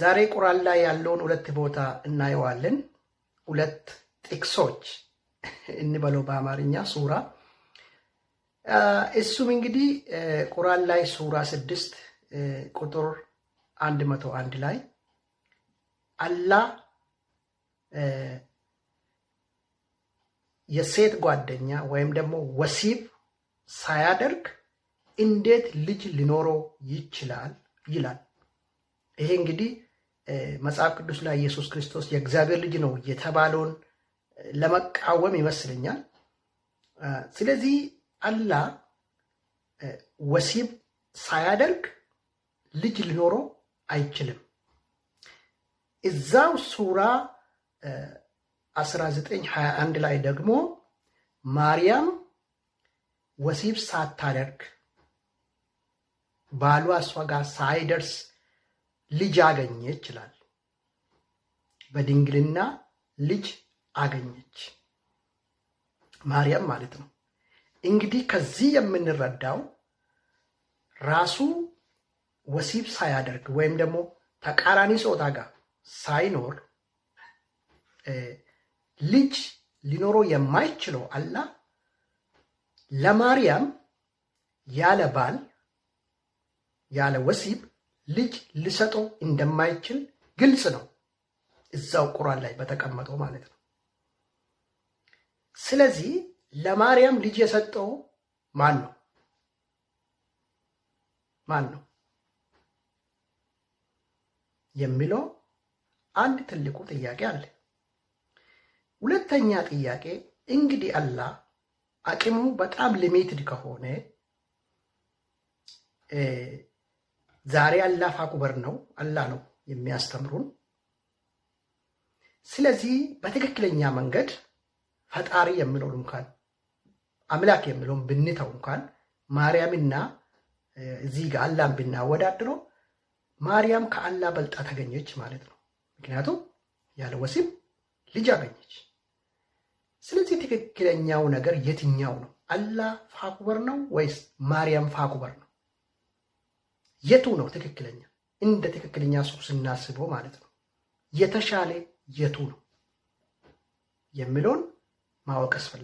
ዛሬ ቁራን ላይ ያለውን ሁለት ቦታ እናየዋለን። ሁለት ጥቅሶች እንበለው በአማርኛ ሱራ እሱም እንግዲህ ቁራን ላይ ሱራ ስድስት ቁጥር አንድ መቶ አንድ ላይ አላህ የሴት ጓደኛ ወይም ደግሞ ወሲብ ሳያደርግ እንዴት ልጅ ሊኖረው ይችላል ይላል። ይሄ እንግዲህ መጽሐፍ ቅዱስ ላይ ኢየሱስ ክርስቶስ የእግዚአብሔር ልጅ ነው የተባለውን ለመቃወም ይመስለኛል። ስለዚህ አላ ወሲብ ሳያደርግ ልጅ ሊኖረው አይችልም። እዛው ሱራ 1921 ላይ ደግሞ ማርያም ወሲብ ሳታደርግ ባሏ እሷ ጋር ሳይደርስ ልጅ አገኘች ይላል። በድንግልና ልጅ አገኘች ማርያም ማለት ነው። እንግዲህ ከዚህ የምንረዳው ራሱ ወሲብ ሳያደርግ ወይም ደግሞ ተቃራኒ ጾታ ጋር ሳይኖር ልጅ ሊኖረው የማይችለው አላህ ለማርያም ያለ ባል ያለ ወሲብ ልጅ ልሰጠው እንደማይችል ግልጽ ነው። እዛው ቁራን ላይ በተቀመጠው ማለት ነው። ስለዚህ ለማርያም ልጅ የሰጠው ማን ነው? ማን ነው የሚለው አንድ ትልቁ ጥያቄ አለ። ሁለተኛ ጥያቄ እንግዲህ አላ አቅሙ በጣም ሊሚትድ ከሆነ ዛሬ አላፍ ፋቁበር ነው፣ አላ ነው የሚያስተምሩን። ስለዚህ በትክክለኛ መንገድ ፈጣሪ የምለውን እንኳን አምላክ የምለውን ብንተው እንኳን ማርያምና እዚህ ጋር ብናወዳድሮ ማርያም ከአላ በልጣ ተገኘች ማለት ነው። ምክንያቱም ያለ ወሲብ ልጅ አገኘች። ስለዚህ ትክክለኛው ነገር የትኛው ነው? አላ ፋቁበር ነው ወይስ ማርያም ፋቁበር ነው? የቱ ነው ትክክለኛ? እንደ ትክክለኛ ሰው ስናስበው ማለት ነው የተሻለ የቱ ነው የሚለውን ማወቅ አስፈላጊ